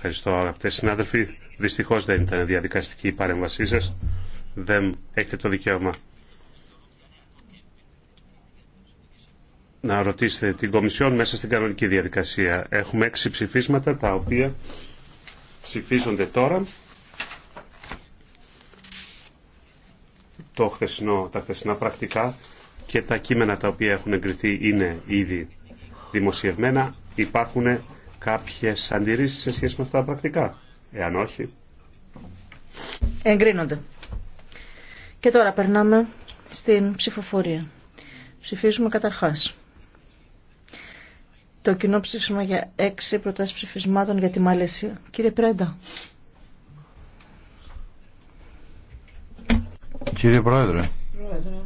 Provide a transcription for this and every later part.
Ευχαριστώ αγαπητέ συνάδελφοι. Δυστυχώ δεν ήταν διαδικαστική η παρέμβασή σα. Δεν έχετε το δικαίωμα να ρωτήσετε την Κομισιόν μέσα στην κανονική διαδικασία. Έχουμε έξι ψηφίσματα τα οποία ψηφίζονται τώρα. Το χθεσινό, τα χθεσινά πρακτικά και τα κείμενα τα οποία έχουν εγκριθεί είναι ήδη δημοσιευμένα. Υπάρχουν κάποιες αντιρρήσεις σε σχέση με αυτά τα πρακτικά. Εάν όχι. Εγκρίνονται. Και τώρα περνάμε στην ψηφοφορία. Ψηφίζουμε καταρχάς το κοινό ψήφισμα για έξι προτάσεις ψηφισμάτων για τη Μαλαισία. Κύριε Πρέντα. Κύριε Πρόεδρε. Πρόεδρε.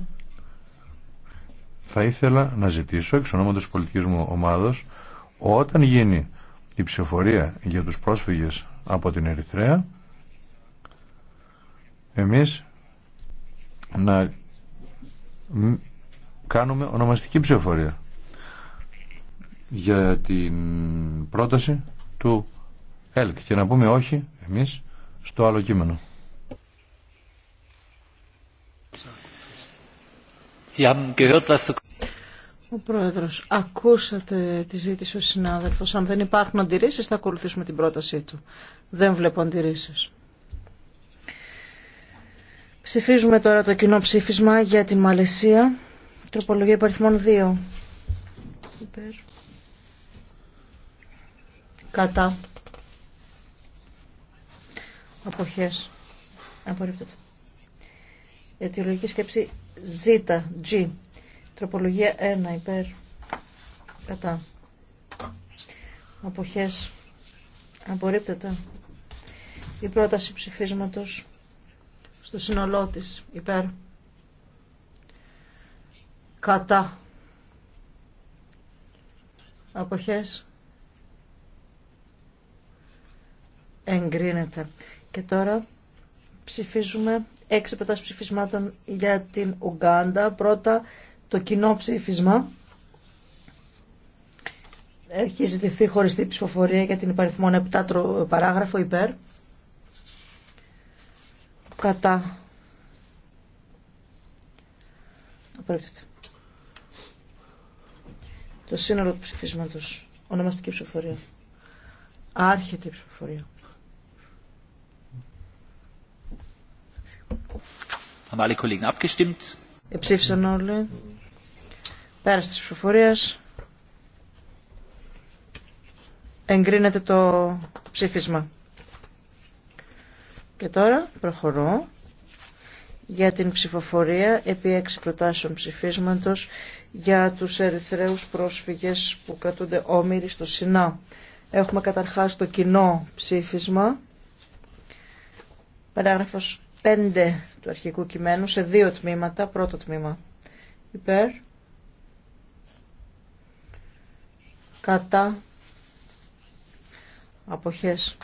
Θα ήθελα να ζητήσω εξ ονόματος πολιτικής μου ομάδος όταν γίνει η ψηφοφορία για τους πρόσφυγες από την Ερυθρέα εμείς να κάνουμε ονομαστική ψηφοφορία για την πρόταση του ΕΛΚ και να πούμε όχι εμείς στο άλλο κείμενο. Ο πρόεδρο. ακούσατε τη ζήτηση ο συνάδελφο. Αν δεν υπάρχουν αντιρρήσει θα ακολουθήσουμε την πρότασή του. Δεν βλέπω αντιρρήσει. Ψηφίζουμε τώρα το κοινό ψήφισμα για την Μαλαισία. Τροπολογία υπαριθμών 2. Υπέρ. Κατά. Αποχές. Απορρίπτεται. Αιτιολογική σκέψη Z, G. Τροπολογία 1 υπέρ κατά αποχές απορρίπτεται η πρόταση ψηφίσματος στο σύνολό της υπέρ κατά αποχές εγκρίνεται. Και τώρα ψηφίζουμε έξι προτάσεις ψηφισμάτων για την Ουγγάντα Πρώτα το κοινό ψήφισμα έχει ζητηθεί χωριστή ψηφοφορία για την υπαριθμόν 7 παράγραφο υπέρ κατά το σύνολο του ψηφίσματος ονομαστική ψηφοφορία άρχεται η ψηφοφορία Haben alle Kollegen abgestimmt? όλοι. Πέρας της ψηφοφορίας εγκρίνεται το ψήφισμα. Και τώρα προχωρώ για την ψηφοφορία επί έξι προτάσεων ψηφίσματος για τους ερυθρέους πρόσφυγες που κατούνται όμοιροι στο Σινά. Έχουμε καταρχάς το κοινό ψήφισμα, παράγραφος 5 του αρχικού κειμένου, σε δύο τμήματα, πρώτο τμήμα υπέρ, κατά αποχές.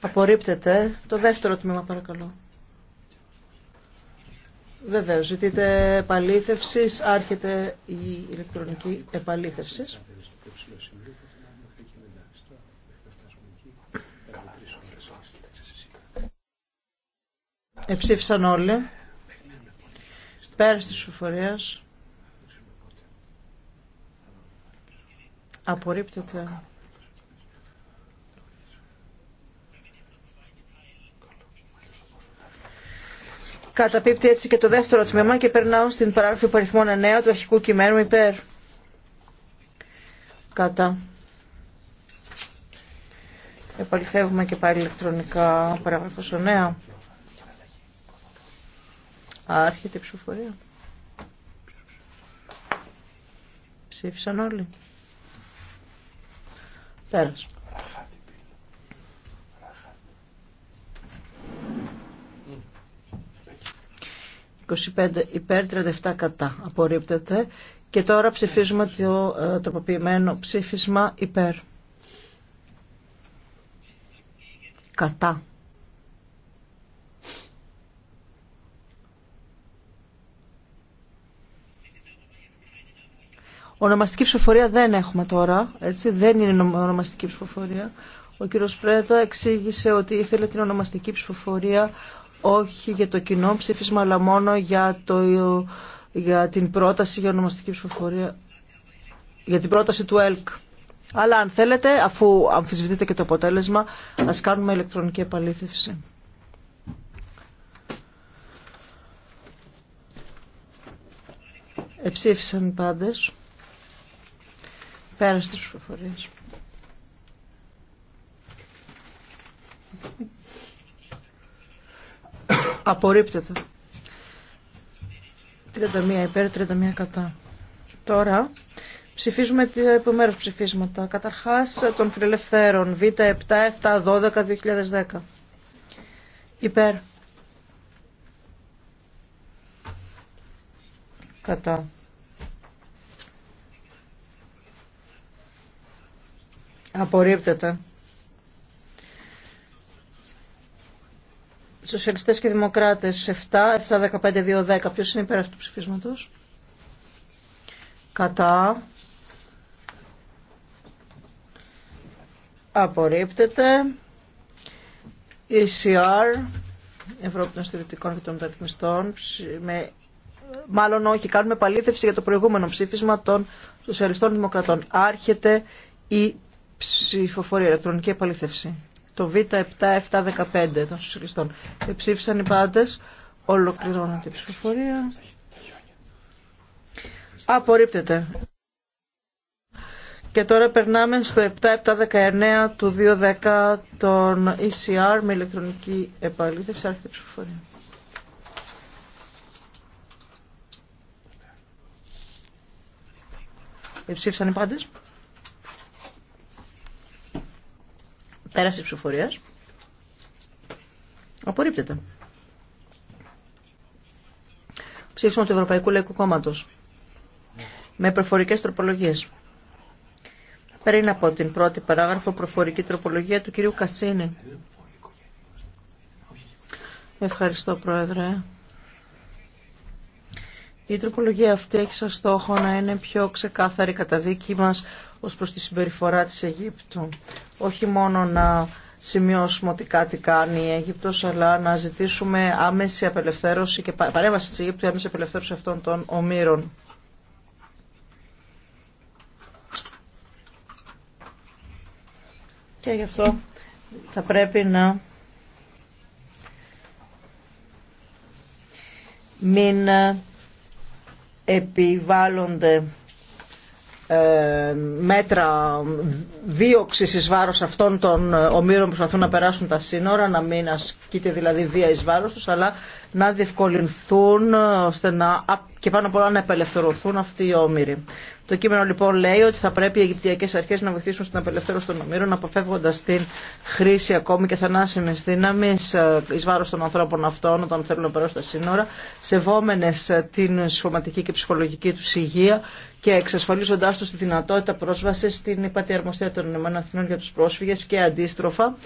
Απορρίπτεται το δεύτερο τμήμα παρακαλώ. Βεβαίω, ζητείτε επαλήθευση, άρχεται η ηλεκτρονική επαλήθευση. Εψήφισαν όλοι. Πέρα τη ψηφοφορία. Απορρίπτεται. Καταπίπτει έτσι και το δεύτερο τμήμα και περνάω στην παράγραφη αριθμών 9 του αρχικού κειμένου υπέρ. Κατά. Επαληθεύουμε και πάλι ηλεκτρονικά παράγραφος 9. Άρχεται η ψηφοφορία. Ψήφισαν όλοι. 25 υπέρ 37 κατά απορρίπτεται και τώρα ψηφίζουμε το ε, τροποποιημένο ψήφισμα υπέρ κατά Ονομαστική ψηφοφορία δεν έχουμε τώρα, έτσι, δεν είναι ονομαστική ψηφοφορία. Ο κύριος Πρέτα εξήγησε ότι ήθελε την ονομαστική ψηφοφορία όχι για το κοινό ψήφισμα, αλλά μόνο για, το, για την πρόταση για ονομαστική ψηφοφορία, για την πρόταση του ΕΛΚ. Αλλά αν θέλετε, αφού αμφισβητείτε και το αποτέλεσμα, ας κάνουμε ηλεκτρονική επαλήθευση. Εψήφισαν οι πάντες πέρα στις προφορίες. Απορρίπτεται. 31 υπέρ, 31 κατά. Τώρα ψηφίζουμε τα επιμέρους ψηφίσματα. Καταρχάς των φιλελευθέρων Β7, 7, 12, 2010. Υπέρ. Κατά. Απορρίπτεται. Σοσιαλιστές και Δημοκράτες 7, 7, 15, 2, 10. είναι υπέρ αυτού του ψηφίσματος. Κατά. Απορρίπτεται. ECR, ε Ευρώπη των Στηριωτικών και των Μεταρρυθμιστών, με, μάλλον όχι, κάνουμε παλήθευση για το προηγούμενο ψήφισμα των Σοσιαλιστών Δημοκρατών. Άρχεται η ψηφοφορία, ηλεκτρονική επαλήθευση. Το Β7715 των σοσιαλιστών. εψήφισαν οι πάντε. Ολοκληρώνεται η ψηφοφορία. Απορρίπτεται. Και τώρα περνάμε στο 7719 του 210 των ECR με ηλεκτρονική επαλήθευση. Άρχεται η ψηφοφορία. Εψήφισαν οι πάντες. Πέραση ψηφοφορία. Απορρίπτεται. Ψήφισμα του Ευρωπαϊκού Λαϊκού Κόμματο. Με προφορικέ τροπολογίε. Πριν από την πρώτη παράγραφο, προφορική τροπολογία του κυρίου Κασίνη. Ευχαριστώ, Πρόεδρε. Η τροπολογία αυτή έχει σαν στόχο να είναι πιο ξεκάθαρη καταδίκη μας ως προς τη συμπεριφορά της Αιγύπτου. Όχι μόνο να σημειώσουμε ότι κάτι κάνει η Αίγυπτος, αλλά να ζητήσουμε άμεση απελευθέρωση και παρέμβαση της Αιγύπτου, άμεση απελευθέρωση αυτών των ομήρων. Και γι' αυτό θα πρέπει να μην επιβάλλονται ε, μέτρα δίωξης εις βάρος αυτών των ε, ομήρων που προσπαθούν να περάσουν τα σύνορα, να μην ασκείται δηλαδή βία εις βάρος τους, αλλά να διευκολυνθούν ε, ώστε να, και πάνω απ' όλα να απελευθερωθούν αυτοί οι όμοιροι. Το κείμενο λοιπόν λέει ότι θα πρέπει οι Αιγυπτιακές αρχές να βοηθήσουν στην απελευθέρωση των ομήρων αποφεύγοντας την χρήση ακόμη και θανάσιμης δύναμης εις βάρος των ανθρώπων αυτών όταν θέλουν να περάσουν τα σύνορα, σεβόμενες την σωματική και ψυχολογική του υγεία και εξασφαλίζοντα του τη δυνατότητα πρόσβαση στην υπατιαρμοστία των Ηνωμένων Αθηνών για του πρόσφυγες και αντίστροφα.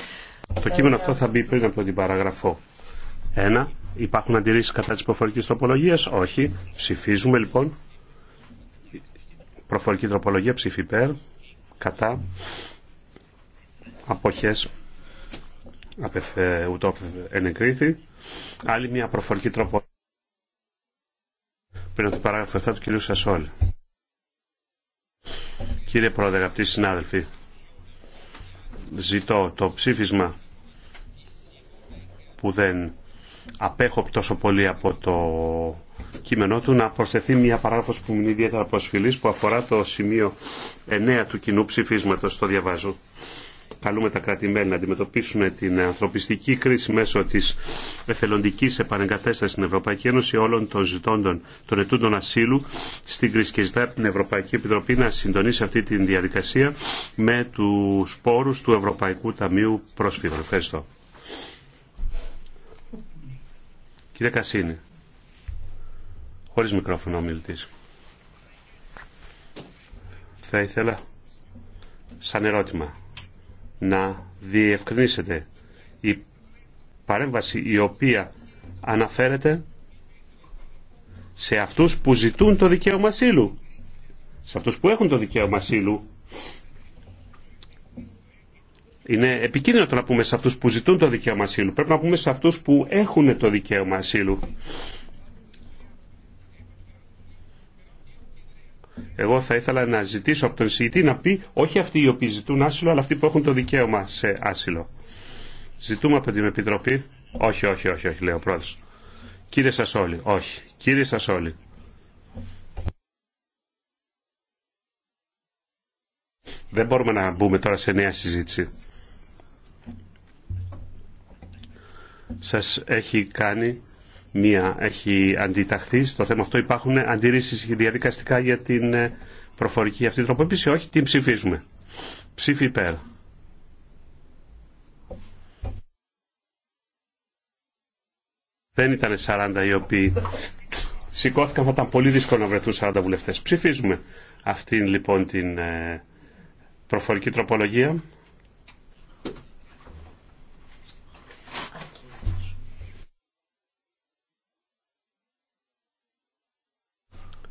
Το κείμενο αυτό θα μπει πριν από την παραγραφό. Ένα. Υπάρχουν αντιρρήσει κατά της προφορικής τροπολογίας. Όχι. Ψηφίζουμε λοιπόν. Προφορική τροπολογία ψήφι υπέρ. Κατά. απόχε Απεφε, ούτω ενεκρίθη. Άλλη μια προφορική τροπολογία. Πριν από την παράγραφο 7 του κυρίου Σασόλη. Κύριε Πρόεδρε, αγαπητοί συνάδελφοι, ζητώ το ψήφισμα που δεν απέχω τόσο πολύ από το κείμενό του να προσθεθεί μια παράγραφος που μου είναι ιδιαίτερα προσφυλής που αφορά το σημείο 9 του κοινού ψηφίσματος. Το διαβάζω καλούμε τα κρατημένα να αντιμετωπίσουν την ανθρωπιστική κρίση μέσω της εθελοντική επανεγκατέστασης στην Ευρωπαϊκή Ένωση όλων των ζητώντων των ετούντων ασύλου στην κρίση και ζητά την Ευρωπαϊκή Επιτροπή να συντονίσει αυτή τη διαδικασία με του πόρου του Ευρωπαϊκού Ταμείου Πρόσφυγων. Ευχαριστώ. Κύριε Κασίνη, χωρίς μικρόφωνο ο Θα ήθελα σαν ερώτημα να διευκρινίσετε η παρέμβαση η οποία αναφέρεται σε αυτούς που ζητούν το δικαίωμα ασύλου. Σε αυτούς που έχουν το δικαίωμα ασύλου. Είναι επικίνδυνο το να πούμε σε αυτούς που ζητούν το δικαίωμα ασύλου. Πρέπει να πούμε σε αυτούς που έχουν το δικαίωμα ασύλου. Εγώ θα ήθελα να ζητήσω από τον εισηγητή να πει όχι αυτοί οι οποίοι ζητούν άσυλο, αλλά αυτοί που έχουν το δικαίωμα σε άσυλο. Ζητούμε από την Επιτροπή. Όχι, όχι, όχι, όχι, λέει ο πρόεδρο. Κύριε Σασόλη, όχι. Κύριε Σασόλη. Δεν μπορούμε να μπούμε τώρα σε νέα συζήτηση. Σας έχει κάνει μία, έχει αντιταχθεί στο θέμα αυτό. Υπάρχουν αντιρρήσει διαδικαστικά για την ε, προφορική αυτή τροποποίηση. Όχι, την ψηφίζουμε. Ψήφι υπέρ. Δεν ήταν 40 οι οποίοι σηκώθηκαν, θα ήταν πολύ δύσκολο να βρεθούν 40 βουλευτές. Ψηφίζουμε αυτήν λοιπόν την ε, προφορική τροπολογία.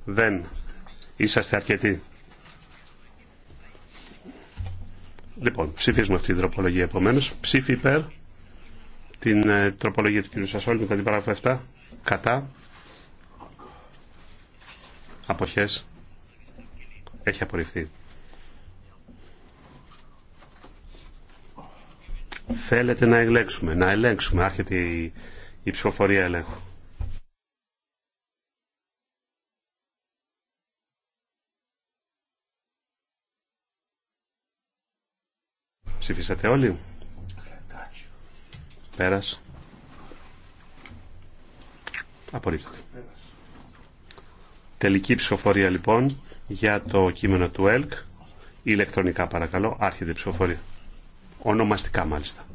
δεν είσαστε αρκετοί. Λοιπόν, ψηφίζουμε αυτή την τροπολογία επομένω. Ψήφι υπέρ την ε, τροπολογία του κ. Σασόλη μετά την παράγραφο 7. Κατά. Αποχές. Έχει απορριφθεί. Θέλετε να ελέγξουμε. Να ελέγξουμε. Άρχεται η, η ψηφοφορία ελέγχου. Ψηφίσατε όλοι. Πέρας. Απορρίπτω. Τελική ψηφοφορία λοιπόν για το κείμενο του ΕΛΚ. Ηλεκτρονικά παρακαλώ. Άρχεται η ψηφοφορία. Ονομαστικά μάλιστα.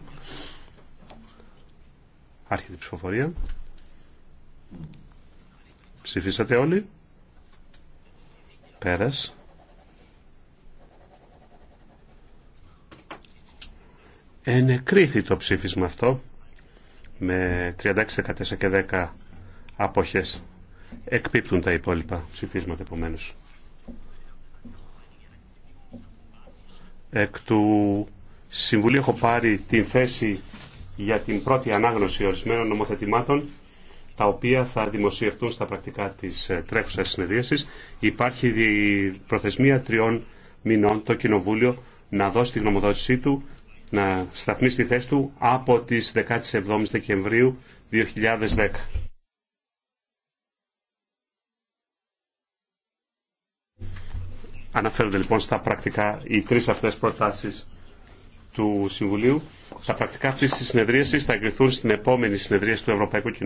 Άρχεται ψηφοφορία. Ψηφίσατε όλοι. Πέρας. Ενεκρίθη το ψήφισμα αυτό με 36, 14 και 10 αποχές. Εκπίπτουν τα υπόλοιπα ψηφίσματα επομένω. Εκ του Συμβουλίου έχω πάρει την θέση για την πρώτη ανάγνωση ορισμένων νομοθετημάτων τα οποία θα δημοσιευτούν στα πρακτικά της ε, τρέχουσας συνεδρίασης. Υπάρχει προθεσμία τριών μηνών το Κοινοβούλιο να δώσει τη γνωμοδότησή του να σταθμίσει στη θέση του από τις 17 Δεκεμβρίου 2010. Αναφέρονται λοιπόν στα πρακτικά οι τρεις αυτές προτάσεις του Συμβουλίου. Τα πρακτικά αυτής της συνεδρίασης θα εγκριθούν στην επόμενη συνεδρία του Ευρωπαϊκού Κοινοβουλίου.